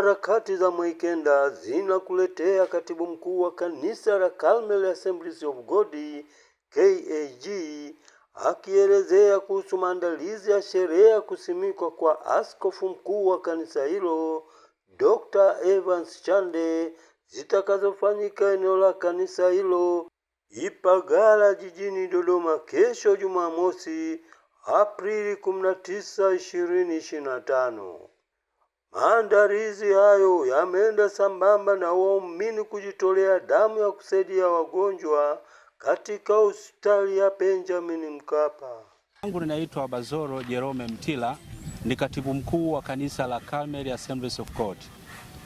Harakati za Mwikenda zinakuletea katibu mkuu wa kanisa la Carmel Assemblies of God KAG akielezea kuhusu maandalizi ya sherehe ya kusimikwa kwa askofu mkuu wa kanisa hilo Dr. Evans Chande zitakazofanyika eneo la kanisa hilo Ipagala jijini Dodoma kesho Jumamosi Aprili 19, 2025. Maandalizi hayo yameenda sambamba na waumini kujitolea damu ya kusaidia wagonjwa katika hospitali ya Benjamin Mkapa. Yangu ninaitwa Bazoro Jerome Mtila, ni katibu mkuu wa kanisa la Carmel Assemblies of God.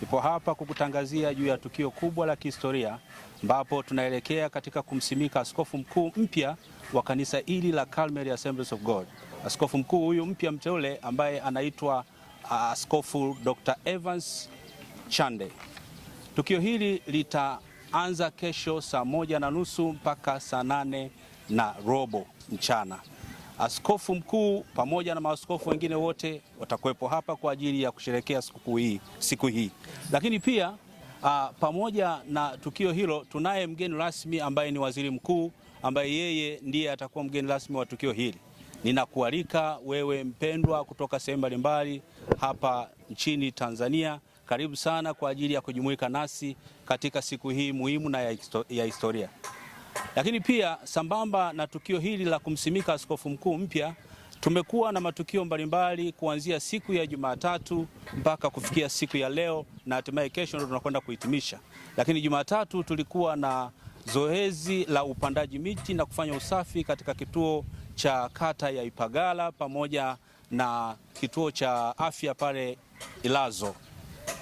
Nipo hapa kukutangazia juu ya tukio kubwa la kihistoria ambapo tunaelekea katika kumsimika askofu mkuu mpya wa kanisa hili la Carmel Assemblies of God. Askofu mkuu huyu mpya mteule ambaye anaitwa Askofu Dr. Evans Chande. Tukio hili litaanza kesho saa moja na nusu mpaka saa nane na robo mchana. Askofu mkuu pamoja na maaskofu wengine wote watakuwepo hapa kwa ajili ya kusherehekea siku hii, siku hii. Lakini pia a, pamoja na tukio hilo tunaye mgeni rasmi ambaye ni waziri mkuu ambaye yeye ndiye atakuwa mgeni rasmi wa tukio hili. Ninakualika wewe mpendwa kutoka sehemu mbalimbali hapa nchini Tanzania, karibu sana kwa ajili ya kujumuika nasi katika siku hii muhimu na ya historia. Lakini pia sambamba na tukio hili la kumsimika askofu mkuu mpya, tumekuwa na matukio mbalimbali kuanzia siku ya Jumatatu mpaka kufikia siku ya leo, na hatimaye kesho ndio tunakwenda kuhitimisha. Lakini Jumatatu tulikuwa na zoezi la upandaji miti na kufanya usafi katika kituo cha kata ya Ipagala pamoja na kituo cha afya pale Ilazo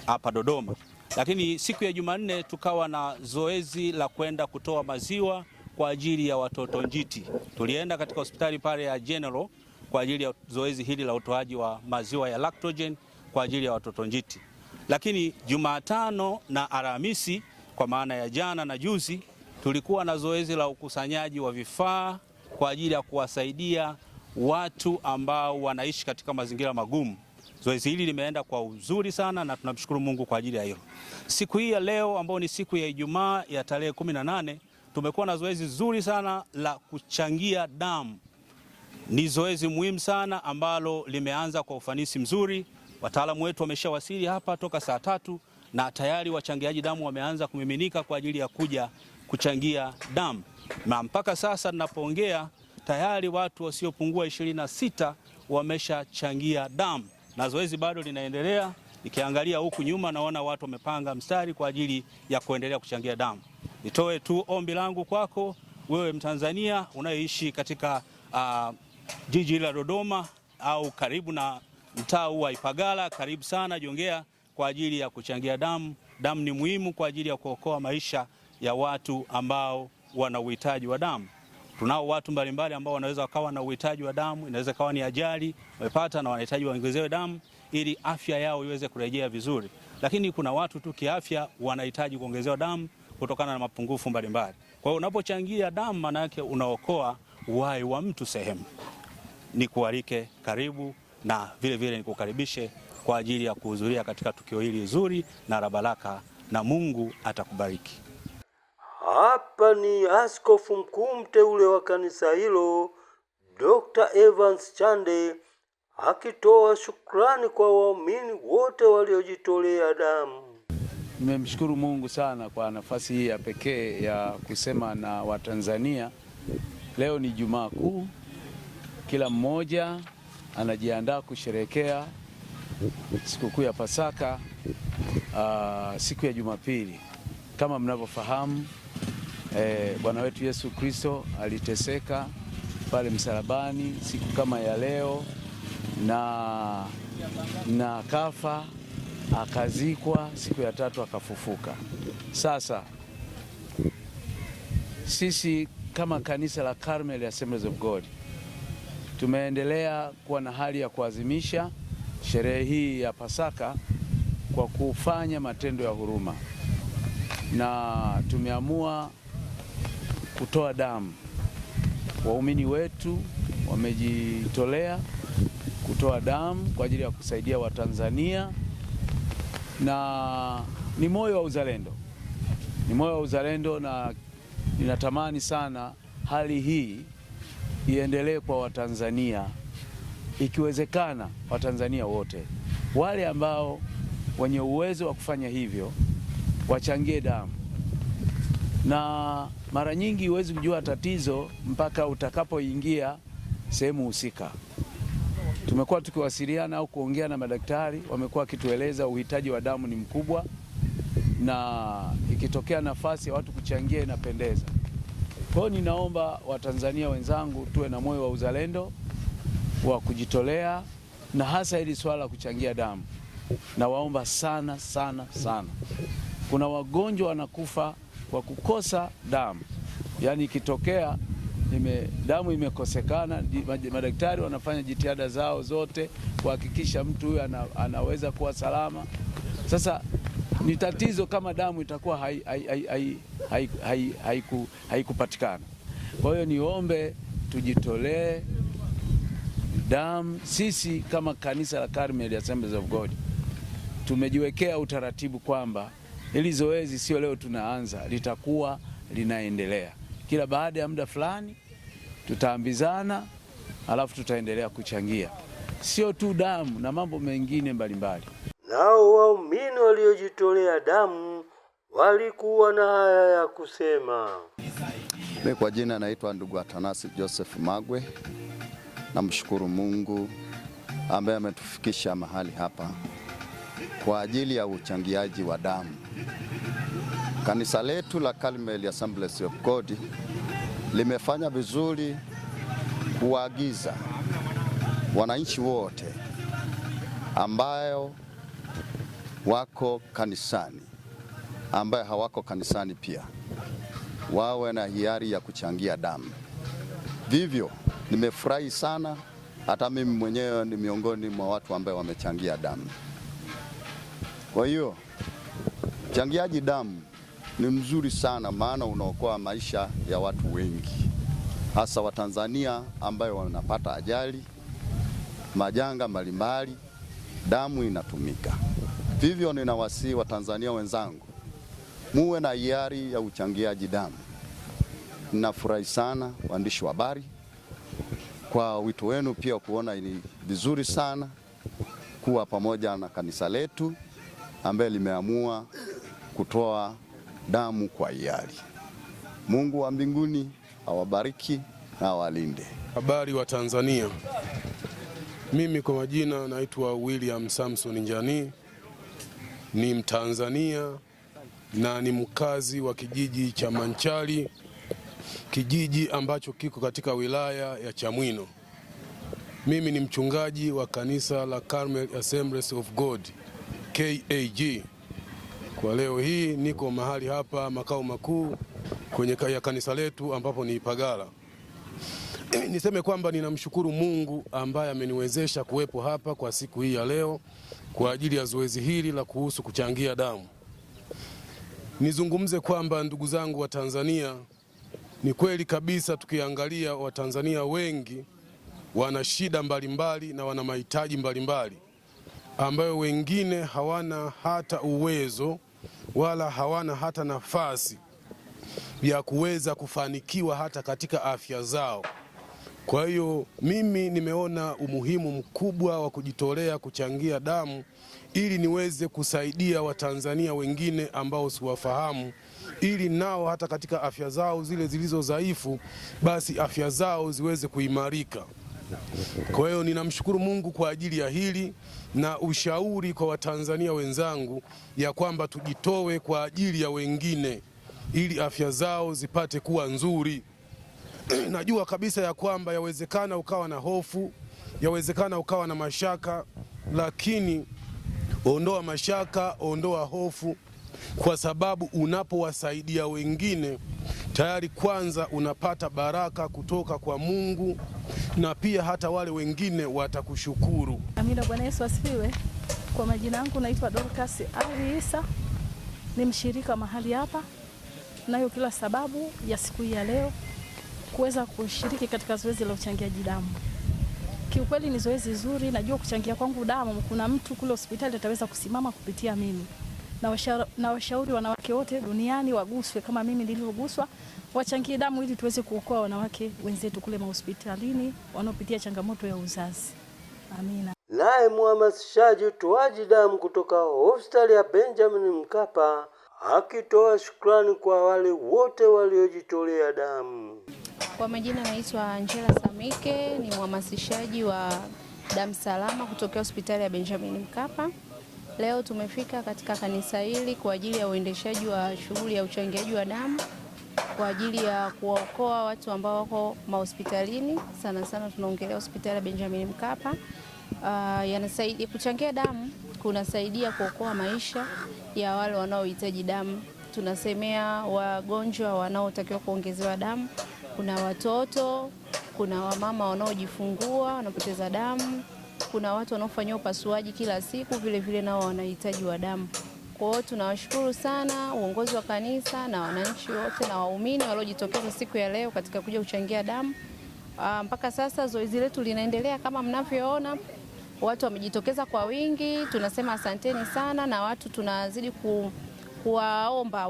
hapa Dodoma. Lakini siku ya Jumanne tukawa na zoezi la kwenda kutoa maziwa kwa ajili ya watoto njiti. Tulienda katika hospitali pale ya General kwa ajili ya zoezi hili la utoaji wa maziwa ya lactogen kwa ajili ya watoto njiti. Lakini Jumatano na Alhamisi kwa maana ya jana na juzi tulikuwa na zoezi la ukusanyaji wa vifaa kwa ajili ya kuwasaidia watu ambao wanaishi katika mazingira magumu. Zoezi hili limeenda kwa uzuri sana na tunamshukuru Mungu kwa ajili ya hilo. Siku hii ya leo ambayo ni siku ya Ijumaa ya tarehe 18 tumekuwa na zoezi zuri sana la kuchangia damu. Ni zoezi muhimu sana ambalo limeanza kwa ufanisi mzuri. Wataalamu wetu wameshawasili hapa toka saa tatu na tayari wachangiaji damu wameanza kumiminika kwa ajili ya kuja kuchangia damu na mpaka sasa ninapoongea tayari watu wasiopungua ishirini na sita wameshachangia damu na zoezi bado linaendelea. Nikiangalia huku nyuma, naona watu wamepanga mstari kwa ajili ya kuendelea kuchangia damu. Nitoe tu ombi langu kwako wewe Mtanzania unayeishi katika uh, jiji la Dodoma au karibu na mtaa wa Ipagala, karibu sana, jongea kwa ajili ya kuchangia damu. Damu ni muhimu kwa ajili ya kuokoa maisha ya watu ambao wana uhitaji wa damu. Tunao watu mbalimbali ambao wanaweza wakawa na uhitaji wa damu, inaweza kawa ni ajali wamepata na wanahitaji waongezewe damu ili afya yao iweze kurejea vizuri, lakini kuna watu tu kiafya wanahitaji kuongezewa damu kutokana na mapungufu mbalimbali. Kwa hiyo unapochangia damu, maana yake unaokoa uhai wa mtu sehemu. kualike karibu na vile vile nikukaribishe kwa ajili ya kuhudhuria katika tukio hili zuri na la baraka, na Mungu atakubariki. Hapa ni askofu mkuu mteule wa kanisa hilo Dr. Evans Chande akitoa shukrani kwa waumini wote waliojitolea damu. Nimemshukuru Mungu sana kwa nafasi hii ya pekee ya kusema na Watanzania. Leo ni Jumaa Kuu, kila mmoja anajiandaa kusherekea sikukuu ya Pasaka, uh, siku ya Jumapili kama mnavyofahamu eh, Bwana wetu Yesu Kristo aliteseka pale msalabani siku kama ya leo na, na kafa akazikwa, siku ya tatu akafufuka. Sasa sisi kama kanisa la Carmel Assemblies of God tumeendelea kuwa na hali ya kuadhimisha sherehe hii ya Pasaka kwa kufanya matendo ya huruma na tumeamua kutoa damu. Waumini wetu wamejitolea kutoa damu kwa ajili ya kusaidia Watanzania na ni moyo wa uzalendo, ni moyo wa uzalendo, na ninatamani sana hali hii iendelee kwa Watanzania, ikiwezekana Watanzania wote wale ambao wenye uwezo wa kufanya hivyo wachangie damu na mara nyingi huwezi kujua tatizo mpaka utakapoingia sehemu husika. Tumekuwa tukiwasiliana au kuongea na madaktari, wamekuwa wakitueleza uhitaji wa damu ni mkubwa, na ikitokea nafasi ya watu kuchangia inapendeza. Kwa hiyo ninaomba Watanzania wenzangu tuwe na moyo wa uzalendo wa kujitolea, na hasa hili swala la kuchangia damu, nawaomba sana sana sana, kuna wagonjwa wanakufa kwa kukosa damu, yaani ikitokea ime, damu imekosekana, madaktari wanafanya jitihada zao zote kuhakikisha mtu huyu ana, anaweza kuwa salama. Sasa ni tatizo kama damu itakuwa haikupatikana Kwa hiyo niombe tujitolee damu. Sisi kama kanisa la Carmel Assemblies of God tumejiwekea utaratibu kwamba Hili zoezi sio leo tunaanza, litakuwa linaendelea kila baada ya muda fulani, tutaambizana alafu tutaendelea kuchangia sio tu damu na mambo mengine mbalimbali. Nao waumini waliojitolea damu walikuwa na haya ya kusema. Mimi kwa jina naitwa ndugu Atanasi Joseph Magwe. Namshukuru Mungu ambaye ametufikisha mahali hapa kwa ajili ya uchangiaji wa damu. Kanisa letu la Karmel Assemblies of God limefanya vizuri kuwaagiza wananchi wote ambayo wako kanisani, ambayo hawako kanisani pia wawe na hiari ya kuchangia damu. Vivyo nimefurahi sana, hata mimi mwenyewe ni miongoni mwa watu ambao wamechangia damu. Kwa hiyo changiaji damu ni mzuri sana, maana unaokoa maisha ya watu wengi, hasa Watanzania ambayo wanapata ajali, majanga mbalimbali, damu inatumika. Vivyo ninawasihi Watanzania wenzangu, muwe na hiari ya uchangiaji damu. Ninafurahi sana waandishi wa habari kwa wito wenu, pia kuona ni vizuri sana kuwa pamoja na kanisa letu ambaye limeamua kutoa damu kwa hiari. Mungu wa mbinguni awabariki na awalinde. Habari wa Tanzania, mimi kwa majina naitwa William Samson Njani, ni Mtanzania na ni mkazi wa kijiji cha Manchali, kijiji ambacho kiko katika wilaya ya Chamwino. Mimi ni mchungaji wa kanisa la Carmel Assemblies of God KAG. Kwa leo hii niko mahali hapa makao makuu kwenye ya kanisa letu ambapo ni Ipagala. Niseme kwamba ninamshukuru Mungu ambaye ameniwezesha kuwepo hapa kwa siku hii ya leo kwa ajili ya zoezi hili la kuhusu kuchangia damu. Nizungumze kwamba ndugu zangu wa Tanzania, ni kweli kabisa, tukiangalia Watanzania wengi wana shida mbalimbali na wana mahitaji mbalimbali ambayo wengine hawana hata uwezo wala hawana hata nafasi ya kuweza kufanikiwa hata katika afya zao. Kwa hiyo mimi nimeona umuhimu mkubwa wa kujitolea kuchangia damu ili niweze kusaidia Watanzania wengine ambao siwafahamu, ili nao hata katika afya zao zile zilizo dhaifu, basi afya zao ziweze kuimarika. Kwa hiyo ninamshukuru Mungu kwa ajili ya hili na ushauri kwa Watanzania wenzangu ya kwamba tujitoe kwa ajili ya wengine ili afya zao zipate kuwa nzuri. Najua kabisa ya kwamba yawezekana ukawa na hofu, yawezekana ukawa na mashaka, lakini ondoa mashaka, ondoa hofu, kwa sababu unapowasaidia wengine tayari kwanza unapata baraka kutoka kwa Mungu na pia hata wale wengine watakushukuru. Amina. Bwana Yesu asifiwe. Kwa majina yangu naitwa Dorcas Ali Isa, ni mshirika mahali hapa. Nayo kila sababu ya siku hii ya leo kuweza kushiriki katika zoezi la uchangiaji damu. Kiukweli ni zoezi zuri, najua kuchangia kwangu damu, kuna mtu kule hospitali ataweza kusimama kupitia mimi na washauri wanawake wote duniani waguswe kama mimi nilivyoguswa, wachangie damu ili tuweze kuokoa wanawake wenzetu kule mahospitalini wanaopitia changamoto ya uzazi. Amina. Naye mhamasishaji utoaji damu kutoka hospitali ya Benjamin Mkapa akitoa shukrani kwa wale wote waliojitolea damu. Kwa majina naitwa Angela Samike, ni mhamasishaji wa damu salama kutokea hospitali ya Benjamin Mkapa. Leo tumefika katika kanisa hili kwa ajili ya uendeshaji wa shughuli ya uchangiaji wa damu kwa ajili ya kuwaokoa watu ambao wako mahospitalini. Sana sana tunaongelea hospitali ya Benjamin Mkapa. Uh, yanasaidia kuchangia damu kunasaidia kuokoa maisha ya wale wanaohitaji damu. Tunasemea wagonjwa wanaotakiwa kuongezewa damu, kuna watoto, kuna wamama wanaojifungua wanapoteza damu kuna watu wanaofanyia upasuaji kila siku, vilevile nao wanahitaji wa damu. Kwa hiyo tunawashukuru sana uongozi wa kanisa na wananchi wote na waumini waliojitokeza siku ya leo katika kuja kuchangia damu. Uh, mpaka sasa zoezi letu linaendelea kama mnavyoona, watu wamejitokeza kwa wingi. Tunasema asanteni sana, na watu tunazidi ku, kuwaomba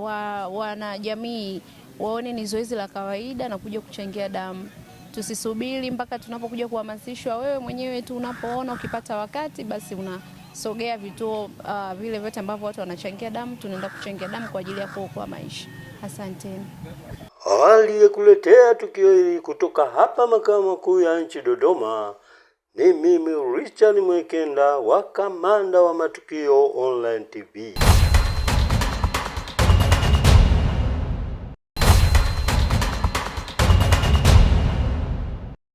wanajamii waone ni zoezi la kawaida na kuja kuchangia damu tusisubiri mpaka tunapokuja kuhamasishwa. Wewe mwenyewe tu unapoona, ukipata wakati basi unasogea vituo uh, vile vyote ambavyo watu wanachangia damu, tunaenda kuchangia damu kwa ajili ya kuokoa maisha. Asanteni. Aliyekuletea tukio hili kutoka hapa makao makuu ya nchi Dodoma ni mimi Richard Mwekenda wa Kamanda wa Matukio Online TV.